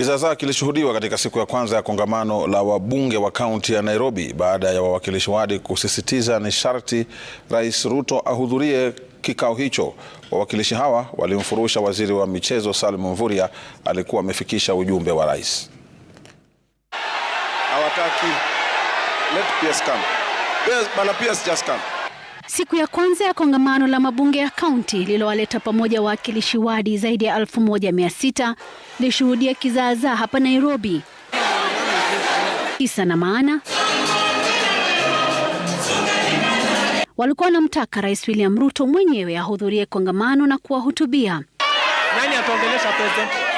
Kizaazaa kilishuhudiwa katika siku ya kwanza ya kongamano la wabunge wa kaunti ya Nairobi baada ya wawakilishi wadi kusisitiza ni sharti Rais Ruto ahudhurie kikao hicho. Wawakilishi hawa walimfurusha waziri wa michezo Salim Mvurya alikuwa amefikisha ujumbe wa rais. Hawataki. Let PS come. PS, bana PS just come. Siku ya kwanza ya kongamano la mabunge ya kaunti lililowaleta pamoja wawakilishi wadi zaidi ya 1600 lilishuhudia kizaazaa hapa Nairobi. Kisa na maana, walikuwa wanamtaka Rais William Ruto mwenyewe ahudhurie kongamano na kuwahutubia. Nani ataongelesha president?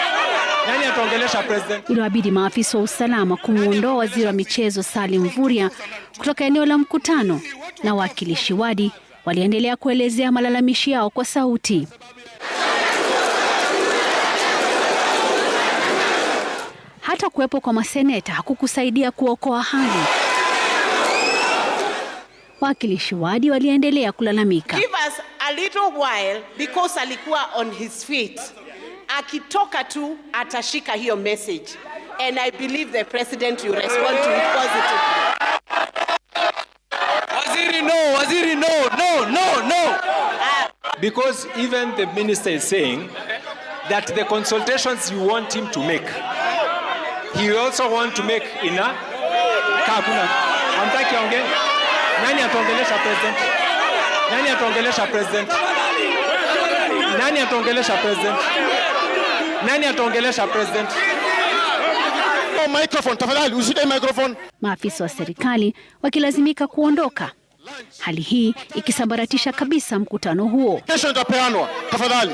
Nani ataongelesha president? Iliwabidi maafisa wa usalama kumwondoa waziri wa michezo Salim Vuria kutoka eneo la mkutano, na wawakilishi wadi waliendelea kuelezea malalamishi yao kwa sauti. Hata kuwepo kwa maseneta hakukusaidia kuokoa hali. Wawakilishi wadi waliendelea kulalamika. Give us a little while because alikuwa on his feet akitoka tu atashika hiyo message and I believe the president will respond to it positively. Waziri no, waziri no, no, no, no. Ah. Because even the minister is saying that the consultations you want him to make, he also want to make in a kakuna. Amtaki aongee. Nani atongelesha president? Nani atongelesha president? Nani atongelesha president? Nani ataongelesha president? Oh, microphone, tafadhali usite microphone. Maafisa wa serikali wakilazimika kuondoka, hali hii ikisambaratisha kabisa mkutano huo. Kesho itapeanwa tafadhali.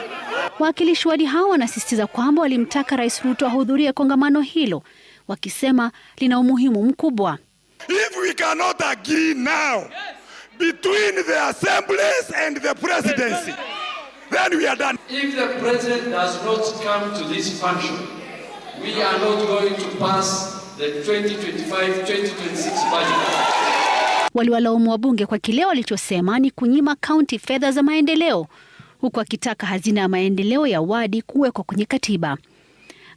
Wawakilishi wadi hao wanasisitiza kwamba walimtaka Rais Ruto ahudhurie kongamano hilo, wakisema lina umuhimu mkubwa. If we cannot agree now between the assemblies and the presidency Then we are done. If the president does not come to this function, we are not going to pass the 2025-2026 budget. Waliwalaumu wabunge kwa kile walichosema ni kunyima kaunti fedha za maendeleo huku akitaka hazina ya maendeleo ya wadi kuwekwa kwenye katiba.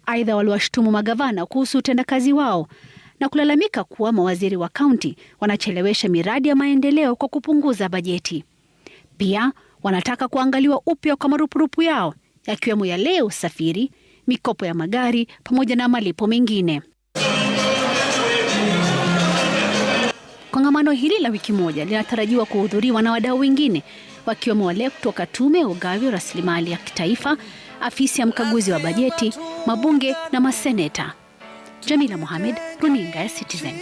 Aidha, waliwashutumu magavana kuhusu utendakazi wao na kulalamika kuwa mawaziri wa kaunti wanachelewesha miradi ya maendeleo kwa kupunguza bajeti. Pia wanataka kuangaliwa upya kwa marupurupu yao yakiwemo yale ya usafiri, mikopo ya magari pamoja na malipo mengine. Kongamano hili la wiki moja linatarajiwa kuhudhuriwa na wadau wengine wakiwemo wale kutoka Tume ya Ugavi wa Rasilimali ya Kitaifa, afisi ya mkaguzi wa bajeti, mabunge na maseneta. Jamila Mohamed, runinga ya Citizen.